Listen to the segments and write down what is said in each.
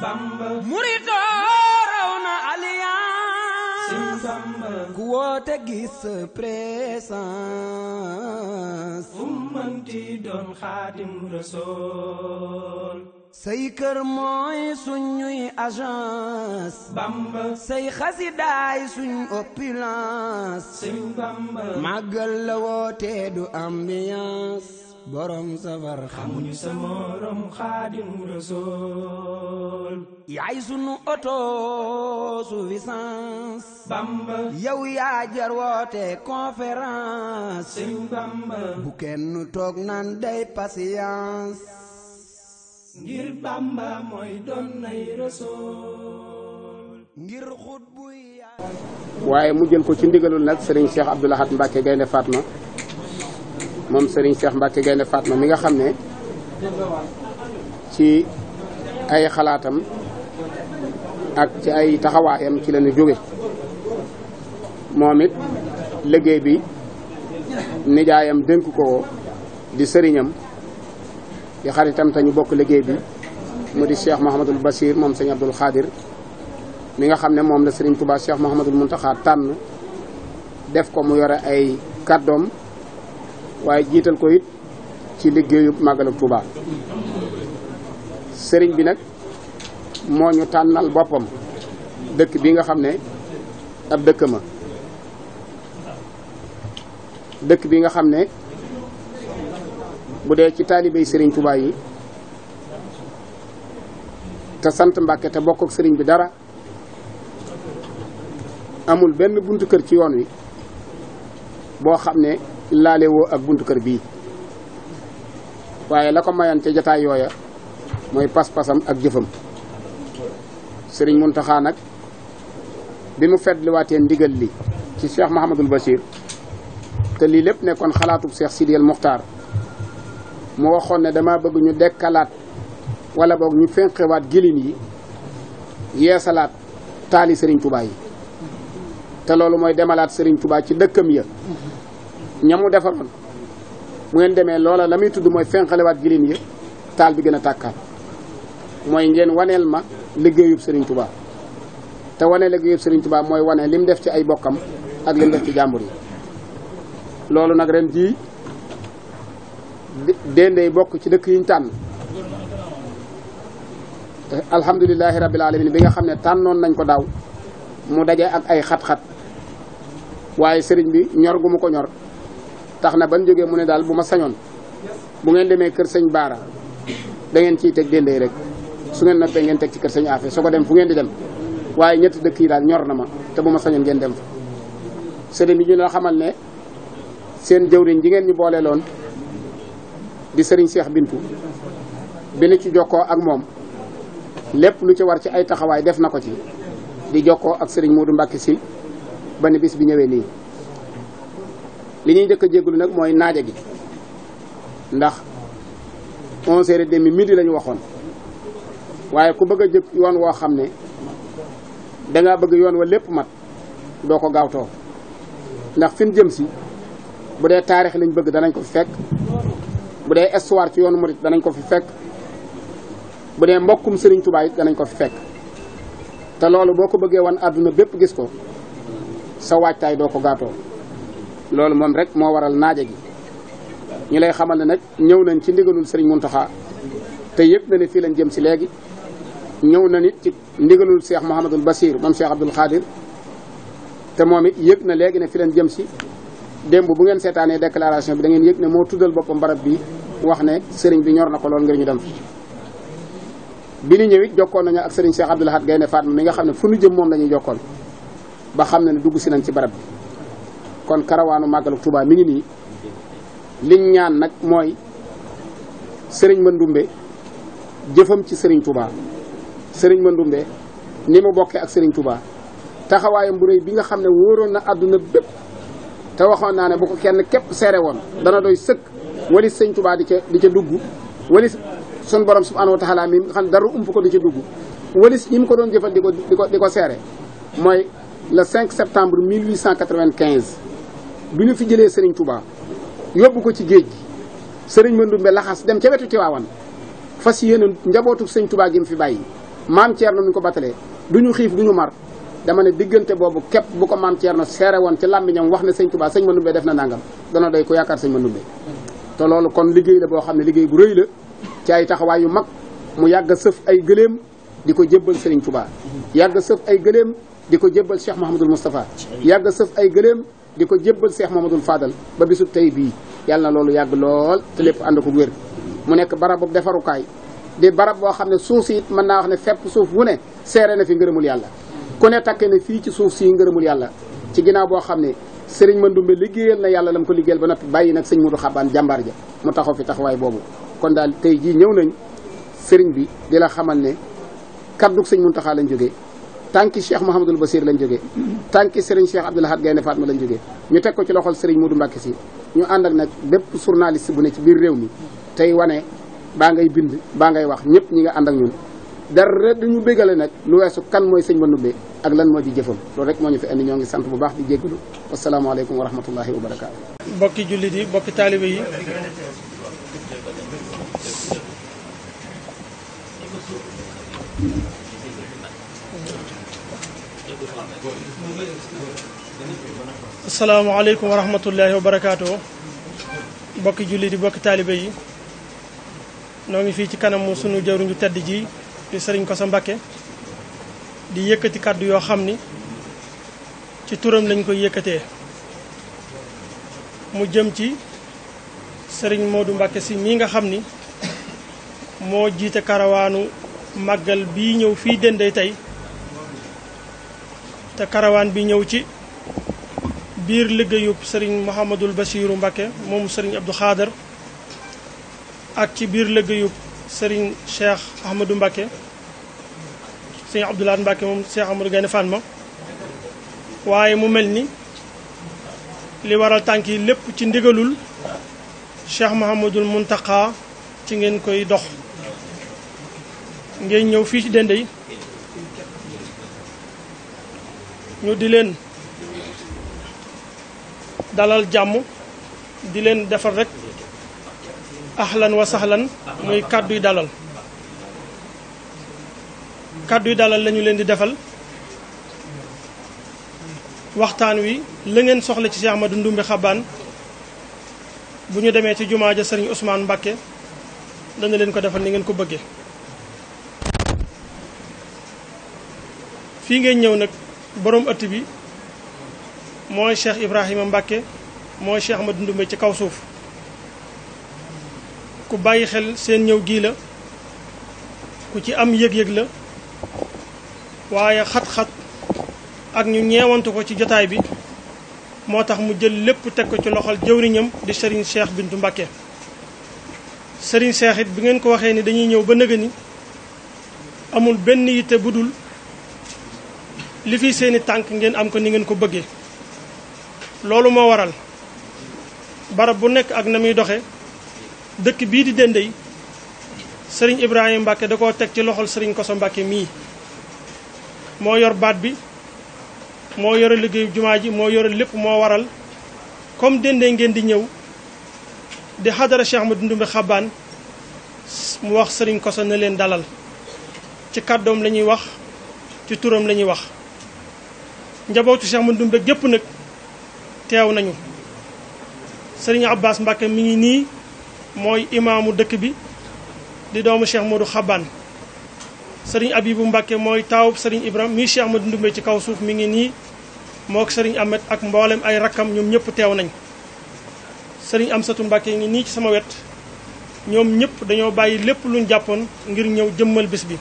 Samba. muritoo raw na alliance. ku woote gis présence. fu doon xaadim rasool. say kër mooy suñuy agence. bamba. say xasidaay suñ opulence. sëñ bamba. la woote du ambiance. borom safar xamuñu sa morom xaadimu rasool yaay sunu autosuffisance bamba yow yaa jar woote conférence sëñ bamba bu kenn toog naan day patience ngir bamba mooy doon nay rasool ngir xut buy waaye mu jël ko ci ndigalul nag sëriñ Cheikh Abdoul Ahad Mbacke Gaynde Fatma mom Serigne Cheikh Mbacke Gaynde Fatma mi nga xamne ci ay xalaatam ak ci ay taxawayam ci lañu jóge momit liggey bi nijaayam dénk ko di serignam ya xaritam tañu bok liggey bi modi Cheikh Mouhamadul Bachir mom serigne Abdul khadir mi nga xamne mom la Serigne Touba Cheikh Mouhamadul muntakha tan def ko mu yore ay kaddom waaye jiital ko it ci liggéeyu màggalu Tuuba sëriñ bi nag moo ñu tànnal boppam dëkk bi nga xam ne ab dëkk ma dëkk bi nga xam ne bu dee ci taalibey sëriñ Tuuba yi te sant Mbàkke te bokk sëriñ bi dara amul benn buntu kër ci yoon wi boo xam ne laalewoo ak buntu kër bii waaye la ko mayan ca jataay yooya mooy pas-pasam ak jëfam sëriñ Muntaxa nag bi mu fetliwaatee ndigal li ci Cheikh Mahamadul Bachir te lii lépp nekkoon xalaatub Cheikh Sidiyal Muxtaar mu waxoon ne dama bëgg ñu dekkalaat wala boog ñu fenqewaat gilin yi yeesalaat taali sëriñ Tuubaa yi te loolu mooy demalaat sëriñ Tuubaa ci dëkkam ya ñamu defaroon mu ngeen demee loola la muy tudd mooy fenqalewaat gilin yi taal bi gën a tàkkaat mooy ngeen waneel ma liggéeyub sëriñ Touba te wane liggéeyub sëriñ Touba mooy wane mu def ci ay bokkam ak lim def ci jàmbur yi loolu nag ren jii déndey bokk ci dëkk yi ñu tànn alhamdulilahi rabbil alamin bi nga xam ne tànnoon nañ ko daaw mu daje ak ay xat-xat waaye sëriñ bi ñor gu mu ko ñor tax na ban jógee mu ne daal bu ma sañoon bu ngeen demee kër sëñ Baara da ngeen ciy teg déndey rek su ngeen noppee ngeen teg ci kër sañ Afe soo ko dem fu ngeen di dem waaye ñetti dëkk yi daal ñor na ma te bu ma sañoon ngeen dem fa. sëriñ bi ñu la xamal ne seen jëwriñ ji ngeen ñu boole loon di sëriñ Seex Bintu bi ne ci jokkoo ak moom lépp lu ci war ci ay taxawaay def na ko ci di jokkoo ak sëriñ Modou Mbacke si ba ne bi ñëwee nii. li ñuy njëkk a jégalu nag mooy naaja gi ndax onze heures et demi midi waxoon waaye ku bëgg a jëg yoon woo xam ne dangaa bëgg yoon wa lépp mat doo ko gaawtoo ndax fi ñu jëm si bu dee taarix lañ bëgg danañ ko fi fekk bu dee histoire ci yoonu murit danañ ko fi fekk bu dee mbokkum Sëriñ Tuubaa it danañ ko fi fekk te loolu boo ko bëggee wan àdduna bépp gis ko sa waajtaay doo ko gaatoo loolu moom rek moo waral naaje gi ñu lay xamal ne nag ñëw nañ ci ndigalul sëriñ Muntaxa te yëpp na ne fii lañ jëm si léegi ñëw na nit ci ndigalul Cheikh Mouhamadul Basir moom Cheikh Abdoul Khadir te moom it yëg na léegi ne fi leen jëm si démb bu ngeen seetaanee déclaration bi dangeen yëg ne moo tuddal boppam barab bi wax ne sëriñ bi ñor na ko lool ngir ñu dem fi bi ñu ñëwit jokkoon nañu ak sëriñ Cheikh Abdoul Ahad Gaynde Fatma mi nga xam ne fu ñu jëm moom la ba xam ne ne dugg si nañ ci barab bi kon karawaanu màggalu Touba mi ngi nii liñ ñaan nag mooy sëriñ Mandoumbe jëfam ci sëriñ Touba sëriñ Mandoumbe ni mu bokkee ak sëriñ Touba taxawaayam bu bi nga xam ne wóoroon na àdduna bépp te waxoon naa ne bu ko kenn képp seere woon dana doy sëkk walis sëriñ Touba di ca di ca dugg walis sun borom subhanahu wa taala mi nga xam ne dara ump ko di ca dugg walis ñi mu ko doon jëfal di ko di ko seere mooy le 5 septembre 1895 du ñu fi jëlee sëriñ Touba yóbbu ko ci géej sëriñ sëriñ Mandoumbe laxas dem ca wetu Tiwaawan fas yéene njabootu sëñ Touba gi mu fi bàyyi maam Thierno ñu ko batalee du ñu xiif du ñu mar dama ne diggante boobu képp bu ko maam na seere woon ci làmmiñam wax ne sëñ Touba sëñ Mandoumbe def na nangam dana doy ko yaakaar sëñ Mandoumbe te loolu kon liggéey la boo xam ne liggéey bu rëy la ci ay taxawaay yu mag mu yàgg sëf ay gëléem di ko jébbal sëriñ Touba yàgg sëf ay gëléem di ko jébbal Cheikh Mouhamadul Moustapha yàgg sëf ay gëléem di ko jébbal seex Mamadul Fadal ba bisu tey bii yàlla na loolu yàgg lool te lépp ànd ak wér mu nekk barab bu defarukaay di barab boo xam ne suuf si it mën naa wax ne fépp suuf wu ne seere na fi ngërëmul yàlla ku ne takke ne fii ci suuf sii ngërëmul yàlla ci ginnaaw boo xam ne sëriñ Mandoumbe liggéeyal na yàlla lam ko liggéeyal ba noppi bàyyi nag sëñ Mudu Xabaan jàmbaar ja mu taxaw fi taxawaay boobu kon daal tey jii ñëw nañ sëriñ bi di la xamal ne kaddu sëñ Muntaxa lañ jógee tànki cheikh Mouhamadul Basir lañ jógee tànki Serigne Cheikh Abdoul Ahad Gaynde Fatma lañ jógee ñu teg ko ci loxol Serigne Modou Mbacke si ñu ànd ak nag bépp journaliste bu ne ci biir réew mi tey wane baa ngay bind baa ngay wax ñëpp ñi nga ànd ak ñun dara duñu bégale nag lu weesu kan mooy sëñ Manoumbé ak lan moo di jëfam loolu rek moo ñu fi indi ñoo ngi sant bu baax di jégalu wasalaamaaleykum wa rahmatullahi wa barakaatu. mbokki jullit yi mbokki taalibe yi. Thank you. asalaamaaleykum wa rahmatullahi wa barakaatu. bokki jullit yi bokki taalibe yi noo ngi fii ci kanamu sunu jëwriñu tedd ji di sëriñ Kosso Mbacké di yëkkati kàddu yoo xam ni ci turam lañ koy yëkkatee mu jëm ci sëriñ Modou Mbacké si mii nga xam ni moo jiite karawaanu màggal bii ñëw fii Dendey tey te karawaan bi ñëw ci biir liggéeyub sëriñ Mouhamadul Bachiru Mbakke moomu sëriñ Abdou Khader ak ci biir liggéeyub sëriñ Cheikh Ahmadou Mbakke sëriñ Abdoulaat Mbakke moom Cheikh Amadou Gaynde Fatma waaye mu mel ni li waral tànk yi lépp ci ndigalul Cheikh Mouhamadul Muntaqa ci ngeen koy dox ngeen ñëw fii ci Dendey ñu di leen dalal jàmm di leen defal rek ahlan wa sahlan muy kàddu yi dalal kàddu yi dalal lañu leen di defal waxtaan wi la ngeen soxla ci Cheikh Amadou Ndoumbe Xabaan bu ñu demee ci jumaa ja Serigne Ousmane Mbacke dana leen ko defal ni ngeen ko bëggee fii ngeen ñëw nag boroom ëtt bi mooy Cheikh Ibrahima Mbacke mooy Cheikh ma Ndoumbé ci kaw suuf ku bàyyi xel seen ñëw gii la ku ci am yëg-yëg la waaye xat-xat ak ñu ñeewantu ko ci jotaay bi moo tax mu jël lépp teg ko ci loxol jëwriñam di Serigne Cheikh Bintou Mbacke Serigne Cheikh bi ngeen ko waxee ni dañuy ñëw ba nëga amul benn yitte budul li fi seeni tànk ngeen am ko ni ngeen ko bëggee loolu moo waral barab bu nekk ak na muy doxe dëkk bii di Dendey sëriñ Ibrahima Mbacke da koo teg ci loxol sëriñ Koso Mbacke mii moo yor baat bi moo yore liggéeyu jumaa ji moo yore lépp moo waral comme Dendey ngeen di ñëw di xadara Cheikh Ahmadou Ndoumbé Xabaan mu wax sëriñ Koso na leen dalal ci kàddoom la ñuy wax ci turam la ñuy wax njabootu Cheikh Mandoumbe gépp nag teew nañu sëriñ Abbas Mbacke mi ngi nii mooy imaamu dëkk bi di doomu Cheikh Modou Xabaan sëriñ Abibu Mbacke mooy taawub sëriñ Ibrahima mii Cheikh Mandoumbe ci kaw suuf mi ngi nii moo ak sëriñ Ahmed ak mboolem ay rakkam ñoom ñëpp teew nañ sëriñ Amsatu Mbacke ngi nii ci sama wet ñoom ñëpp dañoo bàyyi lépp luñ jàppoon ngir ñëw jëmmal bés bi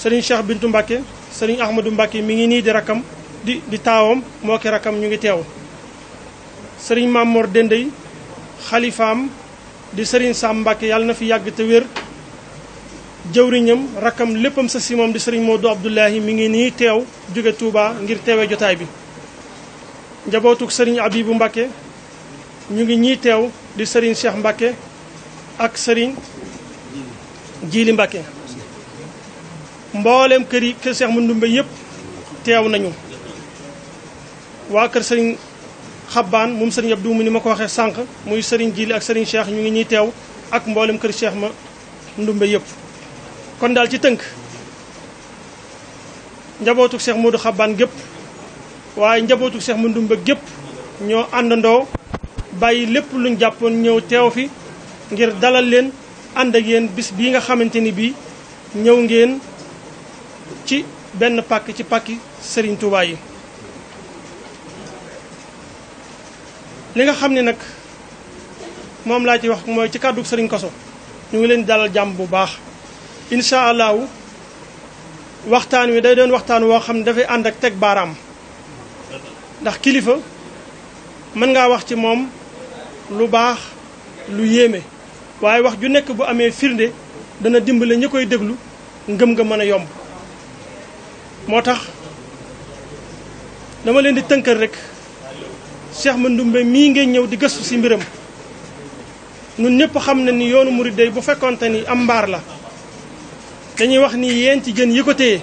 sëriñ Cheikh Bintu Mbacke sëriñ Ahmadou Mbacke mi ngi nii di rakkam di di tawam mo ki rakam ñu ngi teew Mamor Dendey khalifam di serigne sambake yalla na fi yag te wer jëwriñam rakam leppam sa si di serigne Modou Abdoulahi mi ngi ni tew Touba ngir tewé jotay bi njabotuk serigne abibou mbake ñu ngi ñi tew di serigne Cheikh mbake ak serigne Jili mbake mbollem kër ke Cheikh mundumbe yep nañu wa kër sëriñ xabbaan moom sëriñ Abdou mu ni ma ko waxee sànq muy sëriñ Jili ak sëriñ Cheikh ñu ngi ñuy teew ak mboolem kër Cheikh ma ndumbe yëpp. kon daal ci tënk njabootu Cheikh Modou xabbaan gépp waaye njabootu Cheikh ma ndumbe gépp ñoo àndandoo bàyyi lépp luñ jàppoon ñëw teew fi ngir dalal leen ànd ak yéen bis bii nga xamante ni bii ñëw ngeen ci benn pàkk ci pàkki sëriñ Touba yi. li nga xam ne nag moom laa ci wax mooy ci kàddu sëriñ Koso ñu ngi leen dalal jàmm bu baax incha allahu waxtaan wi day doon waxtaan woo xam ne dafay ànd ak teg baaraam ndax kilifa mën ngaa wax ci moom lu baax lu yéeme waaye wax ju nekk bu amee firnde dana dimbale ñu koy déglu ngëm nga mën a yomb moo tax dama leen di tënkal rek Cheikh Mandoumbe mii ngay ñëw di gëstu si mbiram ñun ñëpp xam na ni yoonu murid day bu fekkonte ni am mbaar la dañuy wax nii yeen ci jën yi ko téye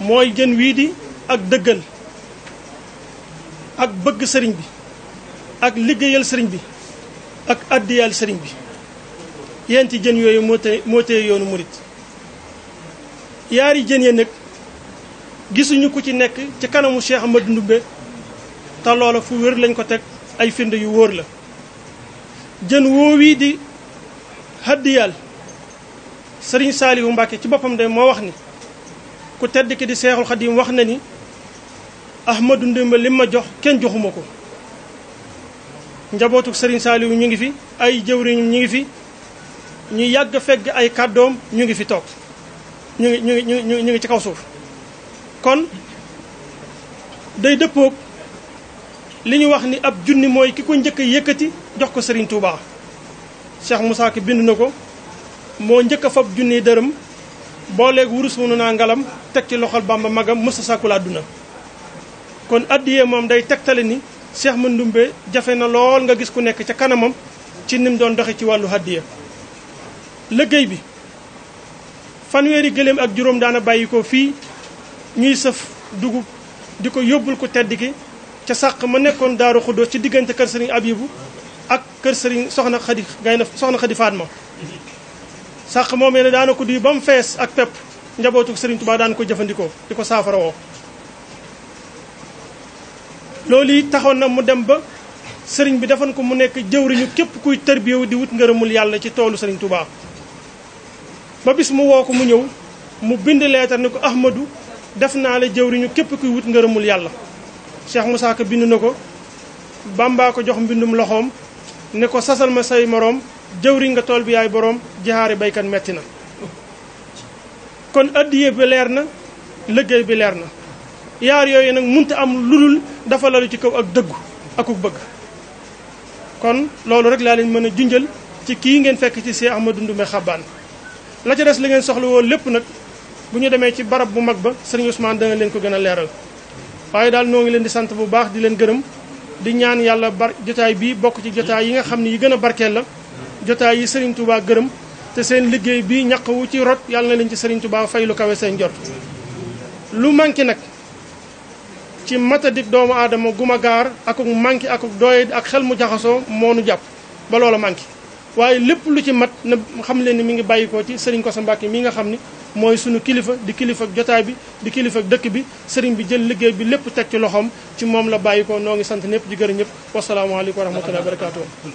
mooy jën wii di ak dëggal ak bëgg sëriñ bi ak liggéeyal sëriñ bi ak addiyal sëriñ bi yeen ci jën yooyu moo téye moo téye yoonu murid yaari jën ya nag gisuñu ku ci nekk ci kanamu Cheikh Ahmadou Ndoumbé te loola fu wér lañ ko teg ay firnde yu wóor la jën woo woowi di haddiyal sëriñ Saaliwu Mbàkke ci boppam de moo wax ni ku tedd ki di Seexul Xadim wax na ni Ahmadou Ndoumbé li ma jox kenn joxuma ko njabootu sëriñ Saaliwu ñu ngi fi ay jëwriñum ñu ngi fi ñu yàgg fegg ay kàddoom ñu ngi fi toog ñu ngi ñu ngi ñu ngi ci kaw suuf kon day dëppoog li ñu wax ni ab junni mooy ki ko njëkk a jox ko sëriñ Touba Cheikh Moussa Ka bind na ko moo njëkk a fab junni dërëm booleeg wurus wu naa ngalam teg ci loxol Bamba magam mësa sàkkul àdduna kon addiyee moom day teg tegtale ni Cheikh Mandoumbe jafe na lool nga gis ku nekk ca kanamam ci nim doon doxe ci wàllu addiya lëggéey bi fanweeri gëléem ak juróom daana bàyyi ko fii ñuy sëf dugub di ko yóbbul ko tedd ki ca sàq ma nekkoon daaru xuddoos ci diggante kër sëriñ abibu ak kër sëriñ soxna xadi gay na soxna xadi faat ma sàq moomee ne daana ko duy ba mu fees ak pepp njabootu sëriñ tubaa daan ko jëfandikoo di ko saafara woo loolu yi taxoon na mu dem ba sëriñ bi defoon ko mu nekk jëwriñu képp kuy tërbiyewu di wut ngërëmul yàlla ci toolu sëriñ tubaa ba bis mu woo ko mu ñëw mu bind leetar ni ko ahmadu def naa la jëwriñu képp kuy wut ngërëmul yàlla Cheikh Moussa Ka bind na ko Bamba ko jox mbindum loxoom ne ko sasal ma say moroom jëwriñ nga tool bi yaay boroom jaxaari baykat metti na kon addiye bi leer na liggéey bi leer na yaar yooyu nag munta am lulul dafa lalu ci kaw ak dëggu akuk bëgg kon loolu rek laa leen mën a junjal ci kii ngeen fekk ci Cheikh Ahmadou Ndoumé Xabane la ca des li ngeen soxla woo lépp nag bu ñu demee ci barab bu mag ba sëriñ Ousmane dana leen ko gën a leeral waaye daal noo ngi leen di sant bu baax di leen gërëm di ñaan yàlla bar jotaay bii bokk ci jotaay yi nga xam ne yi gën a barkeel la jotaay yi sëriñ Touba gërëm te seen liggéey bi ñaq wu ci rot yàlla na leen ci sëriñ Touba fay lu kawe seen jot lu manqué nag ci matadik doomu aadama guma gaar akuk manqué akuk dooye ak xel mu jaxasoo moonu jàpp ba loola manqué waaye lépp lu ci mat na xam leen ni mi ngi bàyyikoo ci sëriñ Kosso Mbàkke mi nga xam ni mooy sunu kilifa di kilifa ak jotaay bi di kilifa ak dëkk bi sëriñ bi jël liggéey bi lépp teg ci loxoom ci moom la bàyyi ko noo ngi sant ñëpp di gërëm ñëpp wasalaamaaleykum wa rahmatullahi wa barakatuh